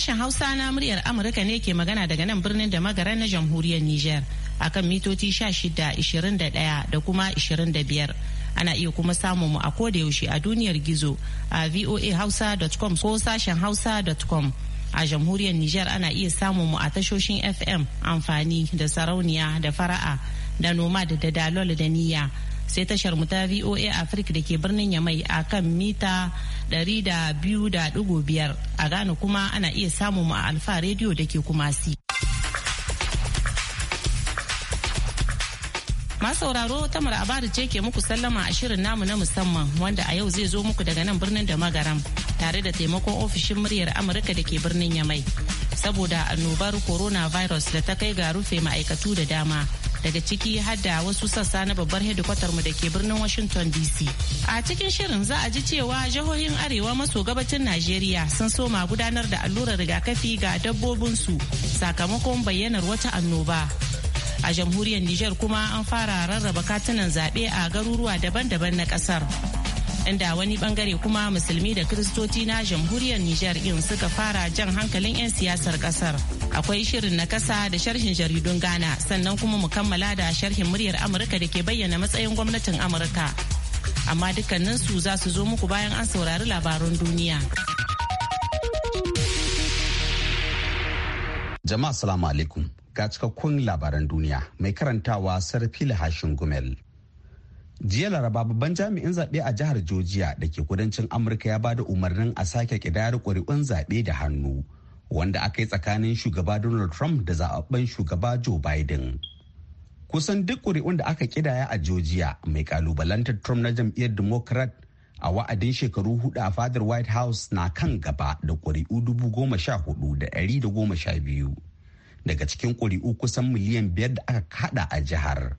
Sashen Hausa na muryar Amurka ne ke magana daga nan birnin da magara na jamhuriyar Nijar akan mitoci 16, 21 da kuma 25. Ana iya kuma samun mu a yaushe a duniyar gizo a voahausa.com ko sashen hausa.com. A jamhuriyar Nijar ana iya samun mu a tashoshin FM amfani da sarauniya da fara'a da nomad da dalol da niyya. sai tashar mu ta VOA Africa da ke birnin Yamai a kan mita 200.5 a Ghana kuma ana iya samun mu a Alfa Radio da ke Kumasi. sauraro tamar abari ce ke muku sallama a shirin namu na musamman wanda a yau zai zo muku daga nan birnin da magaram tare da taimakon ofishin muryar amurka da ke birnin yamai saboda annobar coronavirus da ta kai ga rufe ma'aikatu da dama daga ciki har da wasu sassa na babbar hedikwatar mu da ke birnin Washington DC. A cikin shirin za a ji cewa jihohin Arewa maso gabacin Najeriya sun soma gudanar da allurar rigakafi ga dabbobinsu sakamakon bayyanar wata annoba. A jamhuriyar Niger kuma an fara rarraba katunan zaɓe a garuruwa daban-daban na ƙasar. inda wani bangare kuma musulmi da kiristoci na jamhuriyar Nijar in suka fara jan hankalin 'yan siyasar kasar. Akwai shirin na kasa da sharhin jaridun Ghana sannan kuma mu kammala da sharhin muryar Amurka da ke bayyana matsayin gwamnatin Amurka. Amma dukkaninsu za su zo muku bayan an saurari labarun duniya. Jama'a salamu alaikum ga cikakkun labaran duniya mai karantawa Sarfila Hashin Gumel. jiya laraba babban jami'in zaɓe a jihar georgia da ke kudancin amurka ya bada umarnin a sake kidayar ƙuri'un zaɓe da hannu wanda aka yi tsakanin shugaba donald trump da zaɓaɓɓen shugaba joe biden kusan duk ƙuri'un da aka kidaya a georgia mai kalubalantar trump na jam'iyyar democrat a wa'adin shekaru hudu a fadar white house na kan gaba da ƙuri'u dubu goma sha hudu da ɗari da goma sha biyu daga cikin ƙuri'u kusan miliyan biyar da aka kada a jihar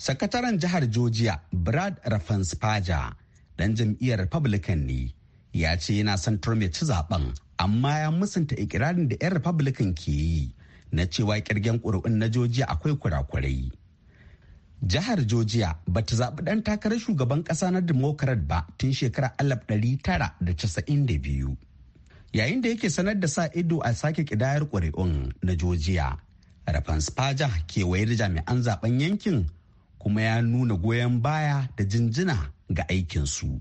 sakataren jihar georgia brad Raffenspaja dan jam'iyyar republican ne ya ce yana son trump ya ci zaben amma ya musanta ikirarin da 'yan republican ke yi na cewa kirgen ƙuri'un na georgia akwai kurakurai jihar georgia ba ta zaɓi ɗan takarar shugaban ƙasa na democrat ba tun shekarar 1992 yayin da yake sanar da sa ido a sake kidayar ƙuri'un na georgia rafan spaja kewaye da jami'an zaben yankin kuma ya nuna goyon baya da jinjina ga aikinsu.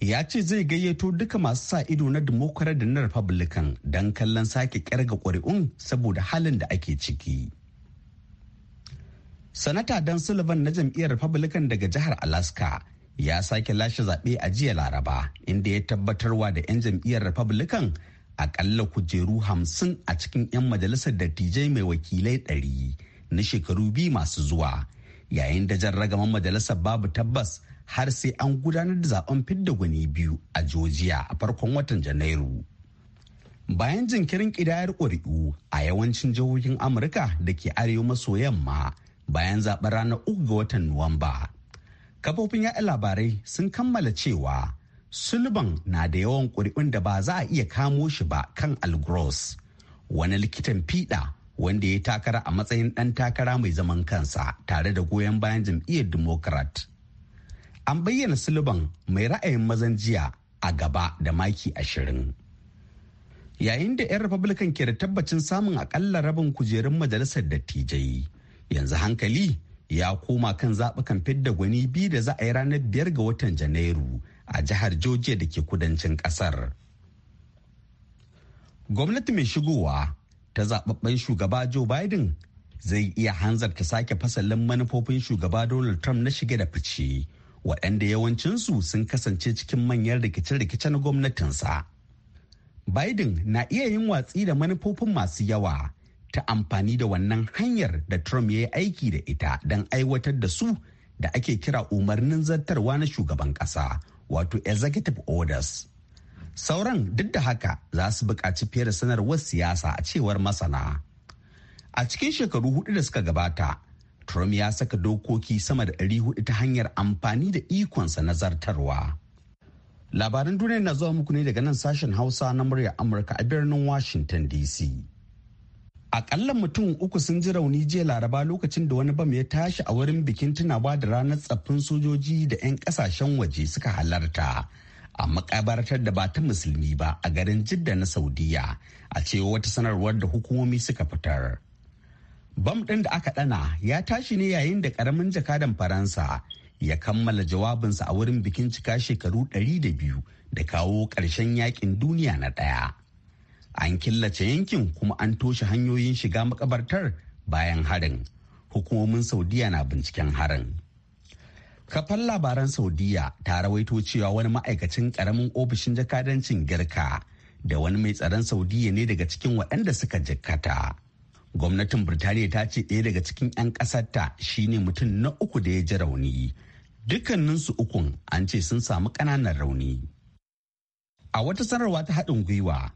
Ya ce zai gayyato duka masu sa ido na Democrat da na Republican don kallon sake kyarga ƙuri'un saboda halin da ake ciki. Sanata Dan Sullivan na jam'iyyar Republican daga jihar Alaska ya sake lashe zaɓe a jiya Laraba inda ya tabbatarwa da 'yan jam'iyyar Republican aƙalla kujeru hamsin a cikin 'yan majalisar dattijai mai wakilai ɗari na shekaru biyu masu zuwa. yayin da jan ragaman majalisar babu tabbas har sai an gudanar da zaben fidda gwani biyu a Georgia a farkon watan Janairu. Bayan jinkirin kidayar ƙuri'u a yawancin jihohin Amurka da ke arewa maso yamma bayan zaben ranar uku ga watan Nuwamba. Kafofin yaɗa labarai sun kammala cewa sulban na da yawan ƙuri'un da ba za a iya kamo shi ba kan Algros, wani likitan fiɗa wanda ya takara a matsayin ɗan takara mai zaman kansa tare da goyon bayan jam'iyyar democrat an bayyana sullivan mai ra'ayin mazan jiya a gaba da maki ashirin yayin da 'yan republican ke da tabbacin samun akalla rabin kujerun majalisar dattijai yanzu hankali ya koma kan zaɓukan fidda gwani biyu da za a yi ranar biyar ga watan janairu a jihar georgia da ke kudancin ƙasar gwamnati mai shigowa ta zababben shugaba Joe Biden zai iya hanzarta sake fasalin manufofin shugaba Donald Trump na shige da fice waɗanda yawancinsu sun kasance cikin manyan rikice-rikice na gwamnatinsa. Biden na iya yin watsi da manufofin masu yawa ta amfani da wannan hanyar da Trump ya yi aiki da ita don aiwatar da su da ake kira umarnin zartarwa na shugaban ƙasa wato executive orders. Sauran duk da haka za su buƙaci fiye da sanarwar siyasa a cewar masana. A cikin shekaru hudu da suka gabata, Trump ya saka dokoki sama da ɗari hudu ta hanyar amfani da ikonsa na zartarwa. Labarin duniya na zuwa muku ne daga nan sashen Hausa na murya Amurka a birnin Washington DC. Akalla mutum uku sun ji rauni jiya laraba lokacin da wani bam ya tashi a wurin bikin tunawa da ranar tsaffin sojoji da 'yan ƙasashen waje suka halarta a makabartar da ba ta musulmi ba a garin jidda na saudiya a cewa wata sanarwar da hukumomi suka fitar bam ɗin da aka ɗana ya tashi ne yayin da ƙaramin jakadan faransa ya kammala jawabinsa a wurin bikin cika shekaru 200 da kawo ƙarshen yakin duniya na ɗaya an killace yankin kuma an toshe hanyoyin shiga makabartar bayan harin hukumomin saudiya na binciken harin Kafan labaran Saudiya ta rawaito cewa wani ma'aikacin karamin ofishin jakadancin girka da wani mai tsaron Saudiya ne daga cikin waɗanda suka jikkata. Gwamnatin Birtaniya ta ce ɗaya daga cikin 'yan ƙasarta shine mutum na uku da ya ji rauni. Dukkaninsu ukun an ce sun samu ƙananan rauni. A wata sanarwa ta haɗin gwiwa,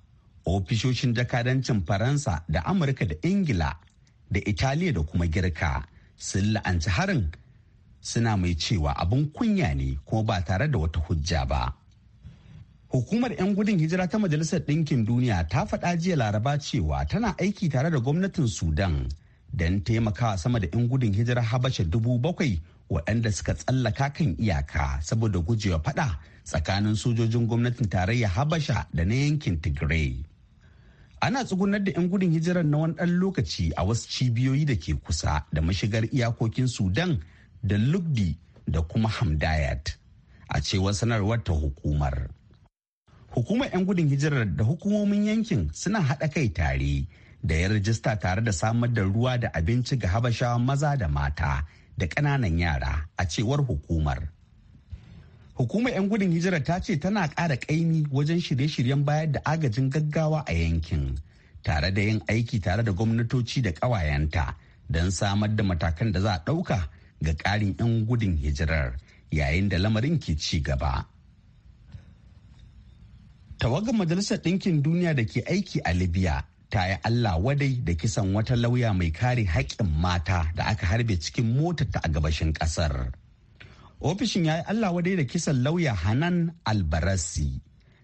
ofishoshin jakadancin Faransa da Amurka da Ingila da Italiya da kuma Girka sun la'anci harin suna mai cewa abin kunya ne kuma ba tare da wata hujja ba. Hukumar 'yan gudun hijira ta Majalisar Ɗinkin Duniya ta faɗa jiya Laraba cewa tana aiki tare da gwamnatin Sudan don taimakawa sama da 'yan gudun hijira Habasha dubu bakwai waɗanda suka tsallaka kan iyaka saboda gujewa faɗa tsakanin sojojin gwamnatin tarayya Habasha da na yankin Tigray. Ana tsugunar da 'yan gudun hijirar na wani ɗan lokaci a wasu cibiyoyi da ke kusa da mashigar iyakokin Sudan da lugdi da kuma hamdayat a cewar sanarwar ta hukumar hukumar 'yan gudun hijirar da hukumomin yankin suna haɗa kai tare da ya rajista tare da samar da ruwa da abinci ga habashawa maza da mata da ƙananan yara a cewar hukumar hukumar 'yan gudun hijirar ta ce tana ƙara ƙaimi wajen shirye-shiryen bayar da agajin gaggawa a yankin tare da yin aiki tare da gwamnatoci da ƙawayenta don samar da matakan da za a ɗauka ga ƙarin 'yan gudun hijirar yayin da lamarin ke ci gaba. Tawagar Majalisar Ɗinkin Duniya da ke aiki a Libya ta yi Allah wadai da kisan wata lauya mai kare haƙƙin mata da aka harbe cikin motarta a gabashin ƙasar. Ofishin ya yi Allah wadai da kisan lauya Hanan Albarasi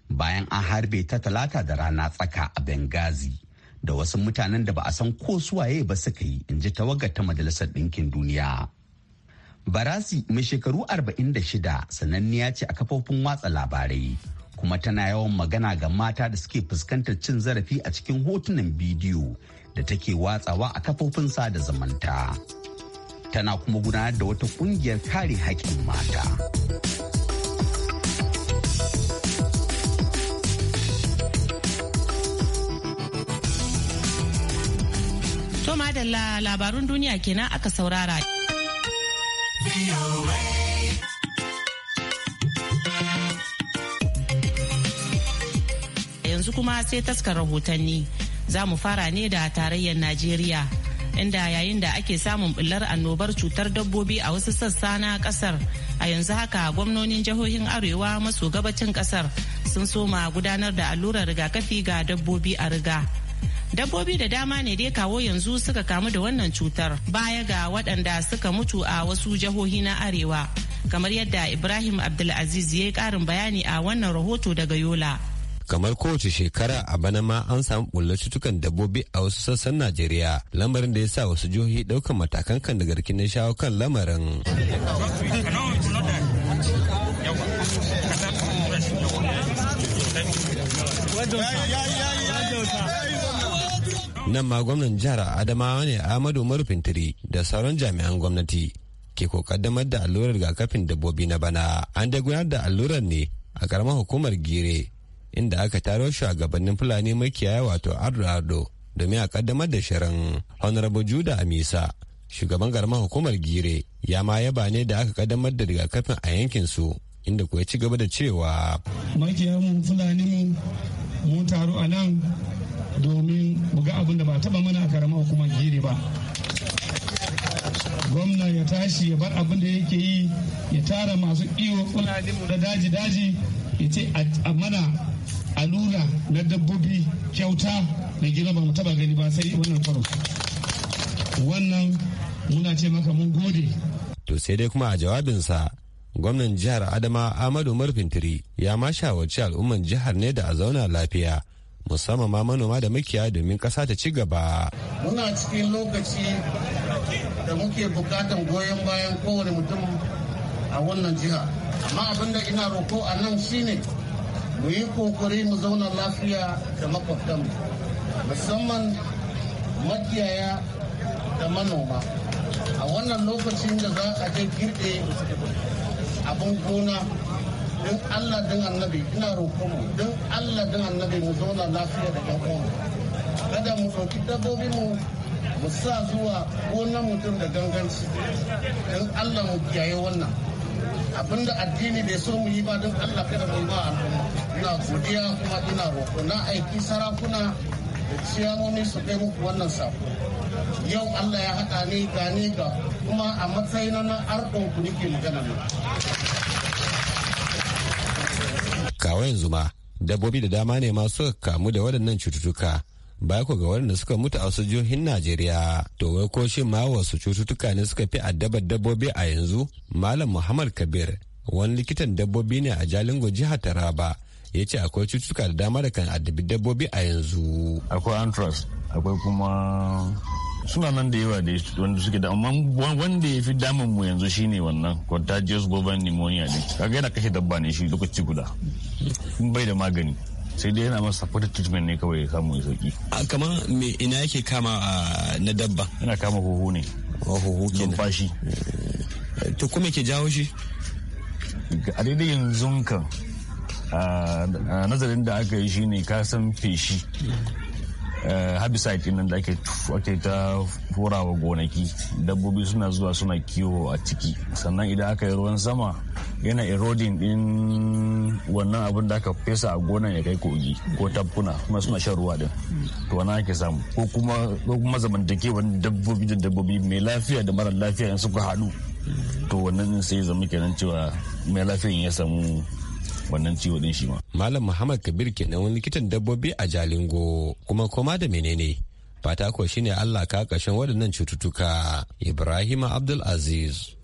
bayan an harbe ta talata da rana tsaka a Benghazi da wasu mutanen da ba a san ko suwaye ba suka yi in ji tawagar ta Majalisar Ɗinkin Duniya. barasi mai shekaru 46 sananniya ce a kafofin watsa labarai kuma tana yawan magana ga mata da suke fuskantar cin zarafi a cikin hotunan bidiyo da take watsawa a kafofin sada zamanta tana kuma gudanar da wata kungiyar kare haƙƙin mata Toma da labarun duniya kenan aka saurara. Yanzu kuma sai taskar rahotanni za mu fara ne da tarayyar Najeriya. Inda yayin da ake samun bullar annobar cutar dabbobi a wasu sassa na kasar a yanzu haka gwamnonin jihohin arewa maso gabacin kasar sun soma gudanar da allurar rigakafi ga dabbobi a riga. dabbobi da dama ne dai kawo yanzu suka kamu da wannan cutar baya ga waɗanda suka mutu a wasu jihohi na arewa kamar yadda ibrahim abdulaziz ya yi karin bayani a wannan rahoto daga yola kamar kowace shekara a bana ma an samu bullar cutukan dabbobi a wasu sassan najeriya lamarin da ya sa wasu jihohi ɗaukar matakan kan da garki na shawo kan lamarin yeah. nan ma gwamnan jihar adamawa ne amadu marufin tiri da sauran jami'an gwamnati ke ko kaddamar da allurar rigakafin dabbobi na bana an da gudanar da allurar ne a karamar hukumar gire inda aka taro shugabannin fulani makiyaya wato ardo domin a kaddamar da shirin honorable juda amisa shugaban karamar hukumar gire ya ma yaba ne da aka kaddamar da rigakafin a yankin su inda kuwa ci gaba da cewa fulani mun taro a nan domin mu ga abin da ba taba mana a hukumar gere ba gwamna ya tashi ya bar abin da yake yi ya tara masu iyo da daji daji ya ce a mana alura na dabbobi kyauta da gina ba mu taba gani ba sai wannan faru wannan muna ce maka mun gode to sai dai kuma a jawabinsa gwamnan jihar adama amadu marfintiri ya ma shawarci al'umman jihar ne da a zauna lafiya musamman ma manoma da makiyaya domin ƙasa ta ci gaba. Muna cikin lokaci da muke bukatan goyon bayan kowane mutum a wannan jiha. Amma abin da ina roko a nan shine mu yi kokari mu zauna lafiya da makwabtanmu musamman makiyaya da manoma. A wannan lokacin da za a je girbe abin gona don allah don annabi ina roƙon don allah don annabi mu zauna lafiya da ɗan uwan kada mu ɗauki dabbobi mu mu sa zuwa gonan mutum da ganganci don allah mu kiyaye wannan abinda addini bai so mu yi ba don allah kada mu yi ba al'umma ina godiya kuma ina roƙo na aiki sarakuna da ciyamomi su kai muku wannan sako yau allah ya haɗa ni ni ga kuma a matsayin na arɗon ku nake magana ne kawo yanzu ma dabbobi da dama ne ma suka kamu da waɗannan cututtuka baya ko ga waɗanda suka mutu a wasu jihohin Najeriya. To wai ko shin ma wasu cututtuka ne suka fi addabar dabbobi a yanzu? Malam Muhammad Kabir wani likitan dabbobi ne a Jalingo jihar Taraba ya ce akwai cututtuka da dama da kan addabi dabbobi a yanzu. Akwai anthrax, akwai kuma suna nan da yawa da wanda suke da amma wanda ya fi damun mu yanzu shine wannan contagious global pneumonia ne kaga yana kashe dabba ne shi lokaci guda bai da magani sai dai yana masa support treatment ne kawai ya samu ya sauki kamar me ina yake kama na dabba yana kama huhu ne oh, huhu ke numfashi eh, to kuma ke jawo shi a daidai yanzu kan nazarin da aka yi shine kasan feshi Eh, herbicide ɗin da ake ta horawa gonaki dabbobi suna zuwa suna kiwo a ciki sannan idan aka yi ruwan sama yana eroding din wannan abin da aka fesa a gonan ya kai kogi ko tabkuna kuma suna shan ruwa din to wannan ake samu ko kuma ko kuma zamantakewa dabbobi da dabbobi mai lafiya da mara lafiya in suka haɗu to wannan sai zama kenan cewa mai lafiyan ya samu wannan ciwo din shi ma. Malam Muhammad Kabir kenan wani likitan dabbobi a Jalingo kuma koma da menene fata ko shine Allah ka kashin waɗannan cututtuka Ibrahim Abdul Aziz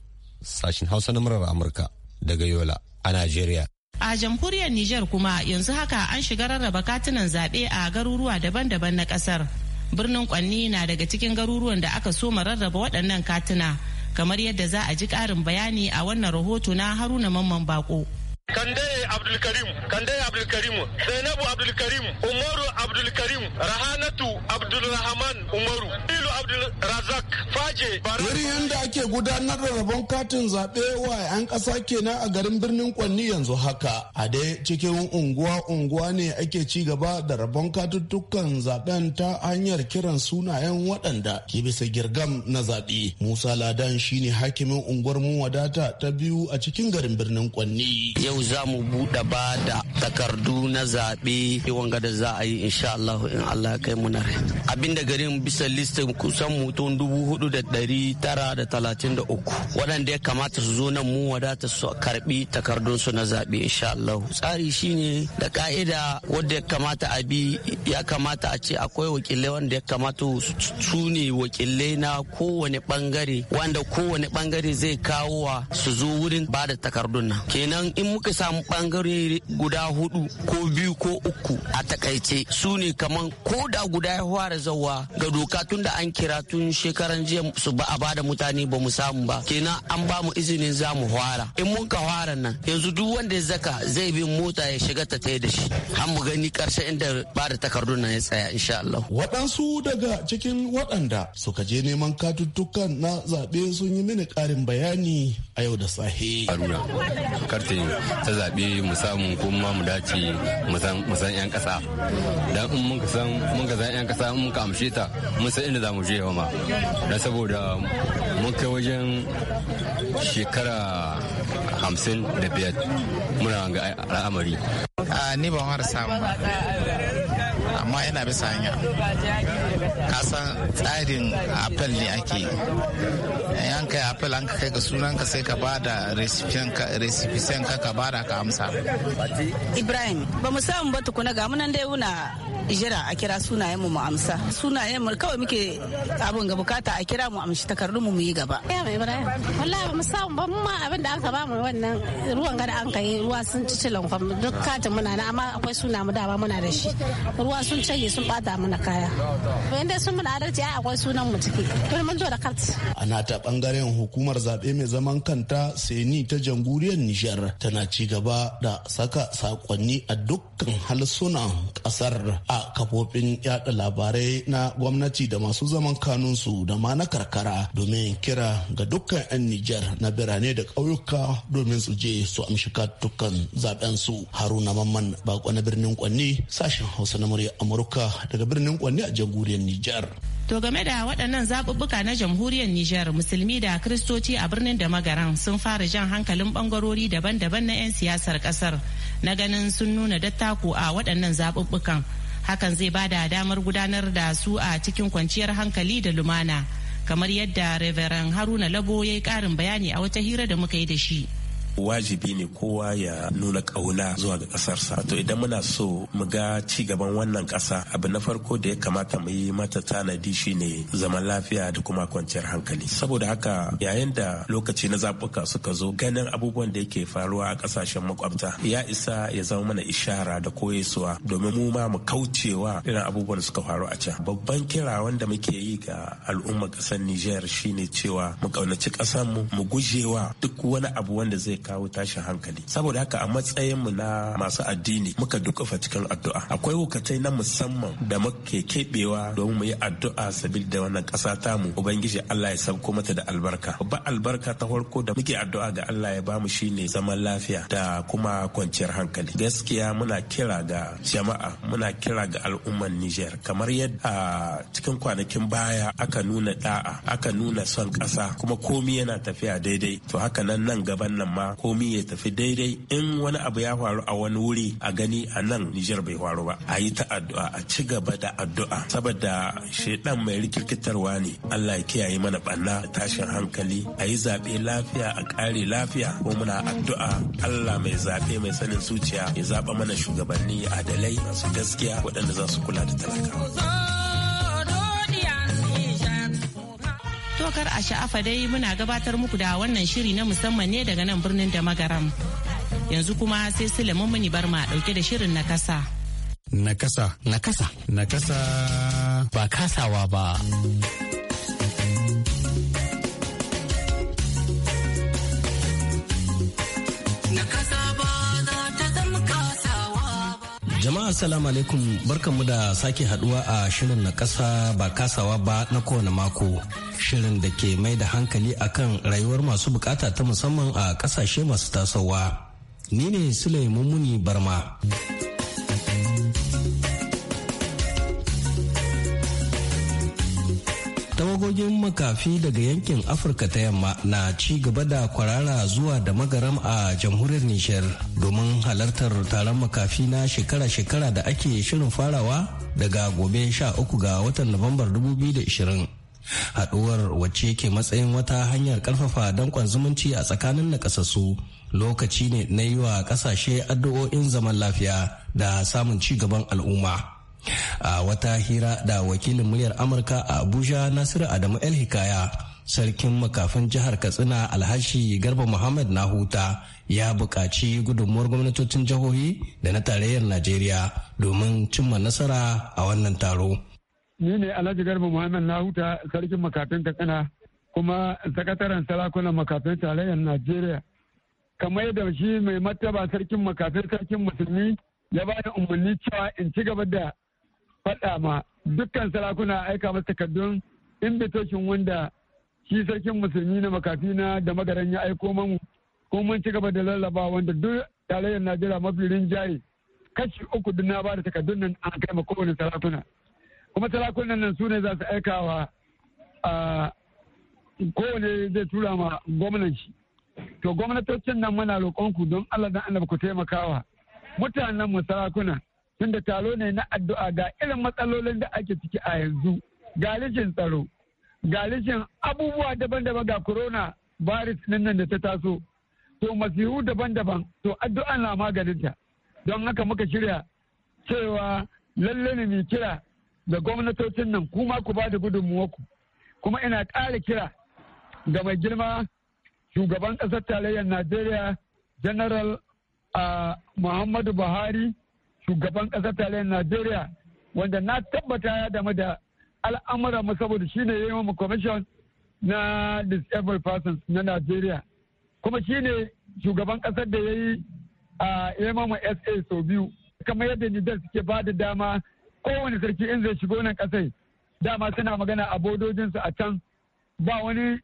sashin Hausa na murar Amurka daga Yola a Najeriya. A jamhuriyar Nijar kuma yanzu haka an shiga rarraba katunan zaɓe a garuruwa daban-daban na ƙasar. Birnin Kwanni na daga cikin garuruwan da aka soma rarraba waɗannan katuna kamar yadda za a ji ƙarin bayani a wannan rahoto na Haruna Mamman baƙo. Kande Abdulkarim, Kande Abdulkarim, Zainabu Abdulkarim, Umaru Abdulkarim, Rahanatu Abdulrahman Umaru, Ilu Abdulrazak Faje. Wuri yanda ake gudanar da rabon katin zaɓe wa 'yan ƙasa kenan a garin birnin Kwanni yanzu haka. A dai cikin unguwa-unguwa ne ake ci gaba da rabon katuttukan zaɓen ta hanyar kiran sunayen waɗanda ke bisa girgam na zaɓe. Musa Ladan shine hakimin unguwar mu wadata ta biyu a cikin garin birnin Kwanni. Yau yau za mu buɗe ba da takardu na zaɓe wanga da za a yi insha Allah in Allah kai mu na abin da garin bisa listin kusan mutum dubu hudu da dari tara da talatin da uku waɗanda ya kamata su zo nan mu wadata su karɓi takardun su na zaɓe insha Allah tsari shine da ka'ida wanda ya kamata a bi ya kamata a ce akwai wakilai wanda ya kamata su ne wakilai na kowane bangare wanda kowane bangare zai kawo su zo wurin bada takardun nan kenan in muka samu bangare guda hudu ko biyu ko uku a takaice su ne kaman ko da guda ya fara zawa ga doka tun da an kira tun shekaran jiya su ba a ba da mutane ba mu samu ba kenan an ba mu izinin za mu fara in mun ka fara nan yanzu duk wanda ya zaka zai bin mota ya shiga ta taya da shi an mu gani karshe inda ba da takardun nan ya tsaya insha Allah waɗansu daga cikin waɗanda suka je neman katuttukan na zaɓe sun yi mini ƙarin bayani a yau da sahe. Haruna, kartin ta zaɓe mu samu kuma mu dace mu san 'yan ƙasa. Dan in mun san mun ka san 'yan ƙasa mun ka amshe ta mun san inda za mu je ma. Dan saboda mun kai wajen shekara hamsin da biyar muna ga al'amari. Ni ban samu ba. amma yana bisa hanya kasan tsarin apple ne ake yan kai apple an kai ga ka sai ka ba da recipient ka ka ba da ka amsa ibrahim ba mu samu ba tukuna ga munan dai wuna jira a kira sunayen mu mu amsa sunayen mu kawai muke abin ga bukata a kira mu amshi takardun mu yi gaba mai wallahi ba mu samu ba mu ma abin da aka ba mu wannan ruwan gada an kai ruwa sun ci cilan duk katin muna na amma akwai suna mu da ba muna da shi ruwa sun canye sun bada mana kaya to dai sun mana adalci ai akwai sunan mu ciki to mun zo da kart ana ta bangaren hukumar zaɓe mai zaman kanta seni ta jamhuriyar Nijar tana ci gaba da saka sakonni a dukkan halsunan kasar a kafofin yada labarai na gwamnati da masu zaman kanunsu da ma na karkara domin kira ga dukkan 'yan Nijar na birane da ƙauyuka domin su je su amshi katukan zaben su haruna mamman bako na birnin kwanni sashen hausa na murya amurka daga birnin kwanne a jamhuriyar nijar To game da waɗannan zaɓuɓɓuka na jamhuriyar Nijar musulmi da kristoci a birnin da magaran sun fara jan hankalin ɓangarori daban-daban na 'yan siyasar ƙasar na ganin sun nuna dattako a waɗannan zaɓuɓɓukan. Hakan zai ba da damar gudanar da su a cikin kwanciyar hankali da lumana. Kamar yadda Reverend Haruna Labo ya yi ƙarin bayani a wata hira da muka yi da shi. wajibi ne kowa ya nuna ƙauna zuwa ga ƙasarsa to idan muna so mu ga ci gaban wannan ƙasa abu na farko da ya kamata mu yi mata tanadi shine zaman lafiya da kuma kwanciyar hankali saboda haka yayin da lokaci na zaɓuka suka zo ganin abubuwan da yake faruwa a ƙasashen makwabta ya isa ya zama mana ishara da koyesuwa domin mu ma mu kaucewa irin abubuwan suka faru a can babban kira wanda muke yi ga al'ummar ƙasar Nijar shine cewa mu ƙaunaci ƙasarmu mu gujewa duk wani abu wanda zai kawo tashin hankali saboda haka a matsayin mu na masu addini muka dukufa cikin addu'a akwai wukatai na musamman da muke keɓewa don mu yi addu'a sabil da wannan ta mu ubangiji Allah ya sauko mata da albarka ba albarka ta farko da muke addu'a ga Allah ya bamu shine zaman lafiya da kuma kwanciyar hankali gaskiya muna kira ga jama'a muna kira ga al'umman Niger kamar yadda cikin kwanakin baya aka nuna da'a aka nuna son ƙasa kuma komi yana tafiya daidai to haka nan nan gaban nan ma komi ya tafi daidai in wani abu ya faru a wani wuri a gani a nan Nijar bai faru ba a yi ta addu'a a ci gaba da addu'a saboda shedan mai rikirkitarwa ne Allah ya kiyaye mana banna tashin hankali a yi zaɓe lafiya a ƙare lafiya ko muna addu'a Allah mai zaɓe mai sanin zuciya ya zaɓa mana shugabanni adalai masu gaskiya waɗanda za su kula da talakawa. To a sha'afa dai muna gabatar muku da wannan shiri na musamman ne daga nan birnin da magaram. Yanzu kuma sai Sulaiman Muni ma dauke da shirin na kasa. Na kasa. Na kasa. Na kasa. Ba kasawa ba. Jama'a salamu alaikum barkanmu da sake haduwa a shirin na kasa ba kasawa ba na kowane mako. Shirin da ke mai da hankali akan rayuwar masu bukata ta musamman a kasashe masu tasowa. Ni ne Sule muni Barma. Direbobin makafi daga yankin Afirka ta yamma na ci gaba da kwarara zuwa da magaram a jamhuriyar Nijar domin halartar taron makafi na shekara-shekara da ake shirin farawa daga gobe 13 ga watan Nuwambar 2020. haɗuwar wacce ke matsayin wata hanyar karfafa dankon zumunci a tsakanin nakasassu lokaci ne na yi wa ƙasashe addu'o'in zaman lafiya da samun ci gaban al'umma. a wata hira da wakilin muryar amurka a abuja nasiru adamu el hikaya sarkin makafin jihar katsina alhashi garba muhammad na huta ya buƙaci gudunmuwar gwamnatocin jihohi da na tarayyar najeriya domin cimma nasara a wannan taro ni ne alhaji garba muhammad na huta sarkin makafin katsina kuma sakataren sarakunan makafin tarayyar najeriya kamar yadda shi mai mataba sarkin makafin sarkin musulmi ya ba da umarni cewa in ci gaba da faɗa ma dukkan sarakuna aika masa takardun invitation wanda shi sarkin musulmi na makafi na da magaran ya aiko mamu kuma mun ci gaba da lallaba wanda duk tarayyar najeriya mafi rinjaye kashi uku duk na ba da takardun nan an kai ma kowane sarakuna kuma sarakunan nan su ne za su aika wa kowane zai tura ma gwamnan shi to gwamnatocin nan muna roƙonku don allah dan annabi ku taimakawa mutanen mu sarakuna tunda taro ne na addu'a ga irin matsalolin da ake ciki a yanzu ga rashin tsaro ga rashin abubuwa daban-daban ga corona virus nan nan da ta taso to masihu daban-daban to addu'a na maganin ta. don haka muka shirya cewa lalle ne mai kira da gwamnatocin nan kuma ku ba da ku. kuma ina ƙara kira ga mai girma shugaban ƙasar tarayyar najeriya general ah, muhammadu buhari shugaban ƙasar tarayyar najeriya wanda na tabbata ya damu da al'amura mu saboda shi ne yi mu commission na disabled persons na najeriya kuma shi ne shugaban ƙasar da ya yi a yamama sa sau biyu kamar yadda nidar suke ba da dama kowane sarki in zai shigo nan ƙasai dama suna magana a bodojinsu a can ba wani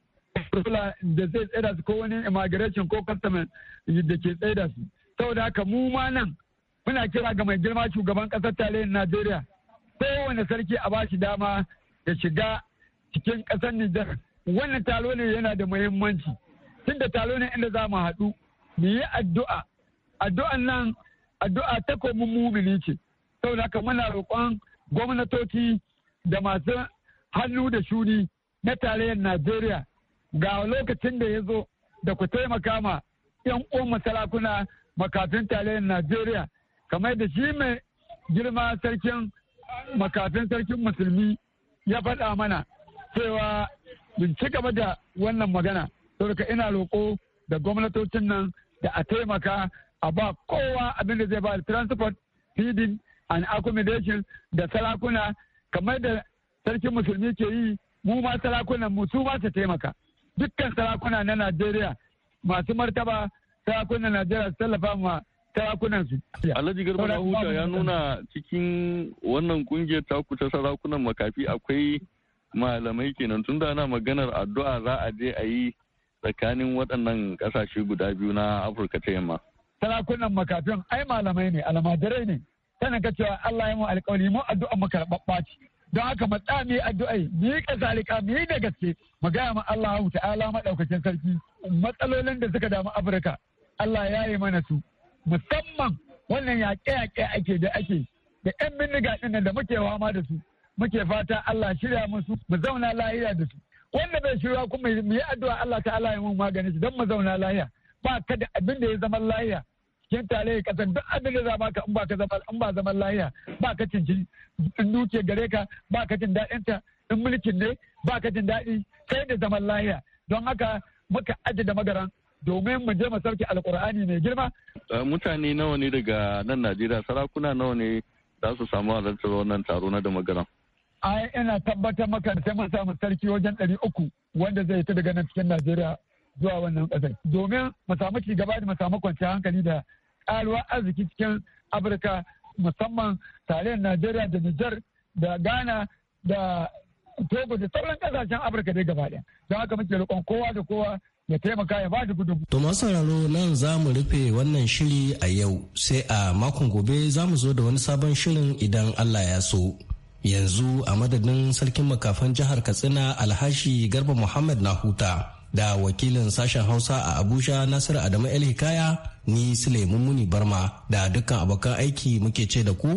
kula da zai tsaida su ko wani immigration ko customer da ke tsaida su saboda haka mu ma nan muna kira ga mai girma shugaban ƙasar tarayyar najeriya kowane sarki a bashi dama ya shiga cikin ƙasar nijar wannan talo ne yana da muhimmanci tun da talo ne inda za mu haɗu mu yi addu'a addu'an nan addu'a ta komin mumini ce da haka muna roƙon gwamnatoci da masu hannu da shuni na tarayyar najeriya ga lokacin da ya zo da ku taimaka ma 'yan uwan masarakuna makafin tarayyar najeriya kamar da shi mai girma sarkin makafin sarkin musulmi ya faɗa mana cewa gaba da wannan magana saboda ina roƙo da gwamnatocin nan da a taimaka a ba kowa abin da zai ba transport feeding and accommodation da sarakuna kamar da sarkin musulmi ke yi mu ma sarakunan mu su ba su taimaka dukkan sarakuna na najeriya masu martaba sarakunan najeriya su tallafa ma sarakunan Alhaji Garba ya nuna cikin wannan kungiyar taku ta sarakunan makafi akwai malamai kenan tun da ana maganar addu'a za a je a yi tsakanin waɗannan ƙasashe guda biyu na Afirka ta yamma. Sarakunan makafin ai malamai ne almajirai ne sannan ka cewa Allah ya mu alƙawari mu addu'a mu karɓaɓɓa Don haka mu mu yi addu'a mu yi ƙasarika mu yi da gaske mu gaya ma Allah ta'ala maɗaukacin sarki matsalolin da suka damu Afirka Allah ya yi mana su. musamman wannan yaƙe-yaƙe ake da ake da 'yan bindiga ɗin da muke wama da su muke fata Allah shirya musu mu zauna lahiya da su wanda bai shirya kuma mu yi addu'a Allah ta'ala ya mun magani su don mu zauna lahiya ba ka da abin da ya zama lahiya cikin tarayyar kasar duk abin da za ka in ba ka zama in ba zaman lahiya ba ka cin cincin in duke gare ka ba ka jin daɗin ta in mulkin ne ba ka jin daɗi sai da zaman lahiya don haka muka aji da magaran domin mu je mu sauke alkur'ani mai girma. Eh, mutane nawa ne daga nan najeriya sarakuna nawa ne za su samu halartar wannan taro na da magaran. ai ina tabbatar maka da sai mun samu sarki wajen ɗari uku wanda zai ta daga nan cikin najeriya zuwa wannan ƙasar domin mu samu ci gaba da mu samu kwanciyar hankali da ƙaruwar arziki cikin afirka musamman tarayyar najeriya da nijar da ghana da togo da sauran kasashen afirka dai gaba ɗaya don haka muke roƙon kowa da kowa ya taimaka ya ba da gudunmu. To masu sauraro nan za mu rufe wannan shiri a yau sai a makon gobe za mu zo da wani sabon shirin idan Allah ya so. Yanzu a madadin sarkin makafan jihar Katsina Alhashi Garba Muhammad Nahuta da wakilin sashen Hausa a Abuja Nasiru Adamu El Hikaya ni Sule muni Barma da dukkan abokan aiki muke ce da ku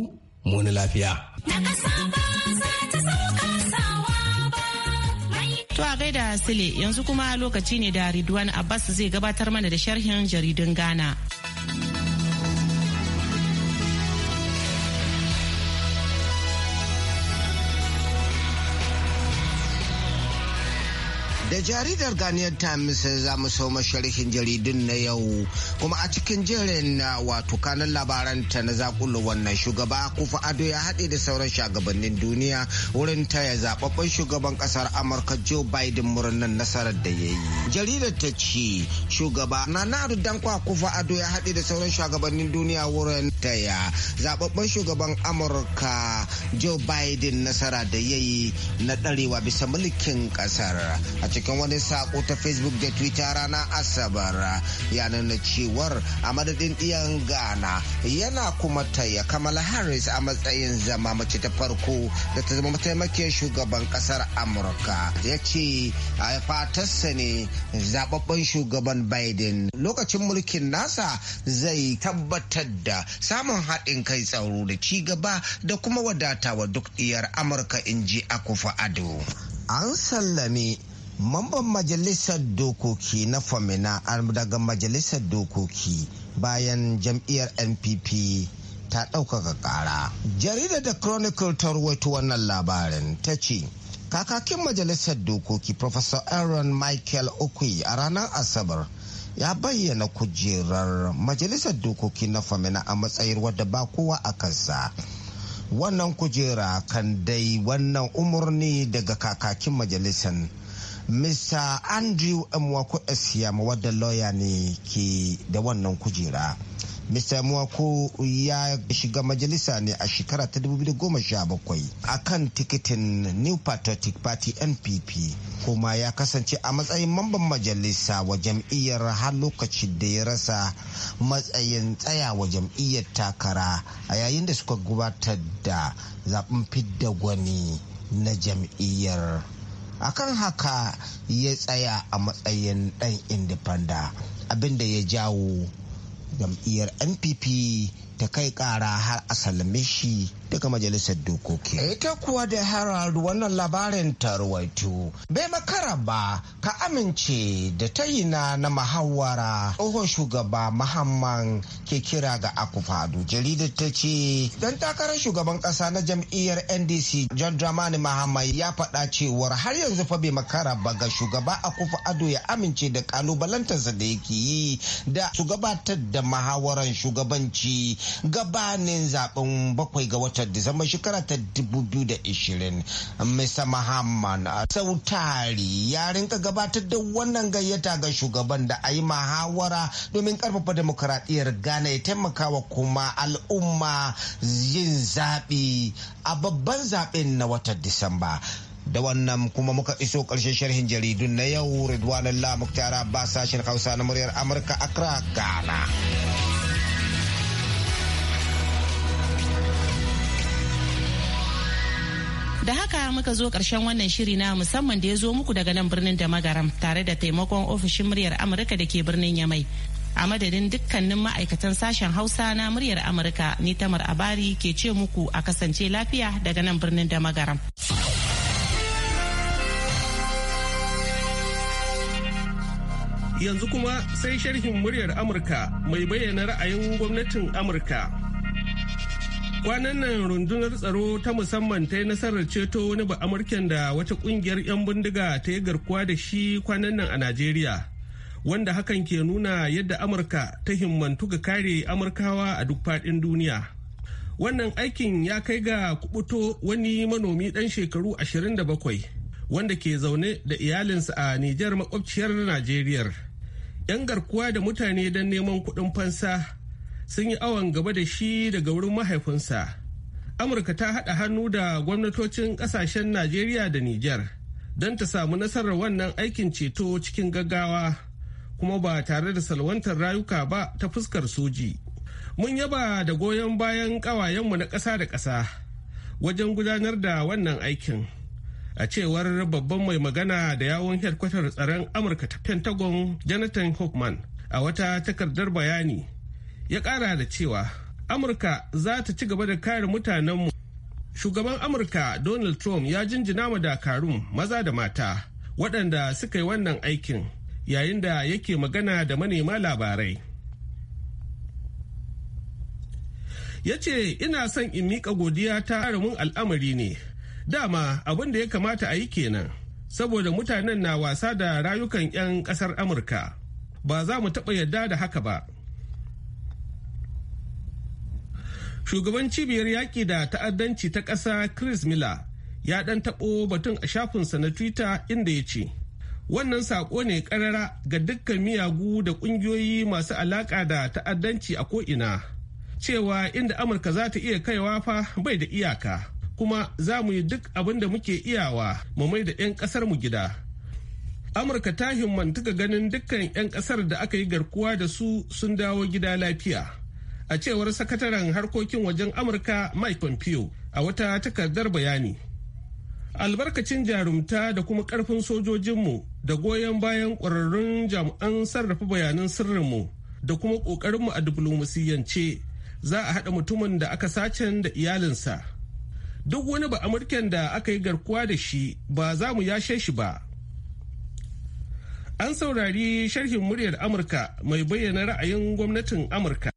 muni lafiya. Daga sama sai ta sauka sama. To a gaida Sile yanzu kuma lokaci ne da Ridwan Abbas zai gabatar mana da sharhin jaridun Ghana. Da jaridar Ghanaian Times za mu so sharhin jaridun na yau kuma a cikin jerin ah, wato kanan labaranta na zakulo wannan shugaba kufa ado ya haɗe da sauran shugabannin duniya wurin taya zababben shugaban ƙasar Amurka Joe Biden murnan nasarar da ya yi. Jaridar ta ce shugaba na Nana Dankwa kufa ado ya haɗe da sauran shugabannin duniya wurin taya zababben shugaban Amurka Joe Biden nasara da ya yi na ɗarewa bisa mulkin ƙasar. cikin wani sako ta facebook da twitter ranar asabar ya nuna cewar a madadin ɗiyan ghana yana kuma taya kamala harris a matsayin zama mace ta farko da ta zama mataimakin shugaban kasar amurka ya ce a fatarsa ne zababben shugaban biden lokacin mulkin nasa zai tabbatar da samun haɗin kai tsaro da ci gaba da kuma wadatawa duk ɗiyar amurka in ji akufa ado an sallame Mamban majalisar dokoki na Famina daga majalisar dokoki bayan jam'iyyar NPP ta ɗaukaka ƙara. jarida da Chronicle ta ruwaito wannan labarin ta ce, Kakakin majalisar dokoki Professor Aaron Michael Okui a ranar Asabar ya bayyana kujerar majalisar dokoki na Famina a matsayin wadda ba kowa a kansa. Wannan kujera kan dai wannan umarni daga kakakin majalisar mr andrew mwako Esia wadda lawyer ne ke da wannan kujera Mr. Mwako ya shiga majalisa ne a shekara ta 2017 a kan tikitin New Patriotic Party NPP kuma ya kasance a matsayin mamban majalisa wa jam'iyyar har lokacin da ya rasa matsayin tsaya wa jam'iyyar takara a yayin da suka gabatar da zaben fidda gwani na jam'iyyar. akan haka ya tsaya a matsayin ɗan indipanda abinda ya jawo jam'iyyar npp ta kai ƙara har asalin shi daga majalisar dokoki. Ita kuwa da Herald wannan labarin tarwaito bai makara ba ka amince da yi na mahawara tsohon shugaba Muhammad ke kira ga akufadu jaridar ta ce dan takarar shugaban kasa na jam'iyyar NDC John Dramani Mahama ya faɗa cewar har yanzu fa bai makara ba ga shugaba akufadu ado ya amince da kalubalantarsa da yake yi da su gabatar da muhawaran shugabanci gabanin zaben bakwai ga wata. ta Disamba shekara ta 2020 Mr. Muhammad Sautari ya rinka gabatar da wannan gayyata ga shugaban da a yi mahawara domin karfafa demokuraɗiyyar Ghana ya taimakawa kuma al'umma yin zaɓe a babban zaɓen na watan Disamba. da wannan kuma muka iso ƙarshen sharhin jaridun na yau Ridwan Allah Muktar sashen Hausa na muryar Amurka Accra Ghana. Da haka muka zo karshen wannan shiri na musamman da ya zo muku daga nan birnin da tare da taimakon ofishin muryar Amurka da ke birnin Yamai. A madadin dukkanin ma'aikatan sashen Hausa na muryar Amurka ni Tamar Abari ke ce muku a kasance lafiya daga nan birnin da Yanzu kuma sai sharhin muryar Amurka mai bayyana ra'ayin gwamnatin Amurka. kwanan nan rundunar tsaro ta musamman ta yi nasarar ceto wani ba da wata kungiyar 'yan bindiga ta yi garkuwa da shi kwanan nan a najeriya wanda hakan ke nuna yadda amurka ta himmantu ga kare amurkawa a duk faɗin duniya wannan aikin ya kai ga kubuto wani manomi ɗan shekaru 27 wanda ke zaune da iyalinsa a nijar makwabciyar Najeriyar. 'yan garkuwa da mutane don neman kuɗin fansa sun yi awon gaba da shi daga wurin mahaifinsa amurka ta haɗa hannu da gwamnatocin ƙasashen najeriya da nijar don ta samu nasarar wannan aikin ceto cikin gaggawa kuma ba tare da salwantar rayuka ba ta fuskar soji mun yaba da goyon bayan ƙawayenmu na ƙasa da ƙasa wajen gudanar da wannan aikin a cewar babban mai magana da yawon headquarter tsaron amurka ta pentagon jonathan hoffman a wata takardar bayani ya kara da cewa amurka za ta ci gaba da kare mutanenmu shugaban amurka donald trump ya jinjina ma dakarun maza da mata waɗanda suka yi wannan aikin yayin da yake magana da manema labarai ya ce ina son in miƙa godiya ta ƙaramin al'amari ne dama abin da ya kamata a yi kenan saboda mutanen na wasa da rayukan 'yan ƙasar amurka ba za mu taɓa yarda da haka ba Shugaban cibiyar yaƙi da ta'addanci ta ƙasa Chris Miller ya ɗan taɓo batun a shafinsa na Twitter inda ya ce, Wannan saƙo ne ƙarara ga dukkan miyagu da ƙungiyoyi masu alaƙa da ta'addanci a ko'ina. Cewa inda Amurka za ta iya kaiwa fa bai da iyaka, kuma za mu yi duk abin da muke iyawa mu mai da 'yan ƙasar mu gida. amurka ta himmantu ga ganin dukkan 'yan ƙasar da aka yi garkuwa da su sun dawo gida lafiya a cewar sakataren harkokin wajen amurka mike pompeo a wata takardar bayani albarkacin jarumta da kuma karfin sojojinmu da goyon bayan ƙwararrun jami'an sarrafa bayanan sirrinmu da kuma ƙoƙarinmu a diflomasiyance za a haɗa mutumin da aka sacen da iyalinsa duk wani ba amurken da aka yi garkuwa da shi ba za mu yashe shi ba an saurari sharhin muryar amurka mai bayyana ra'ayin gwamnatin amurka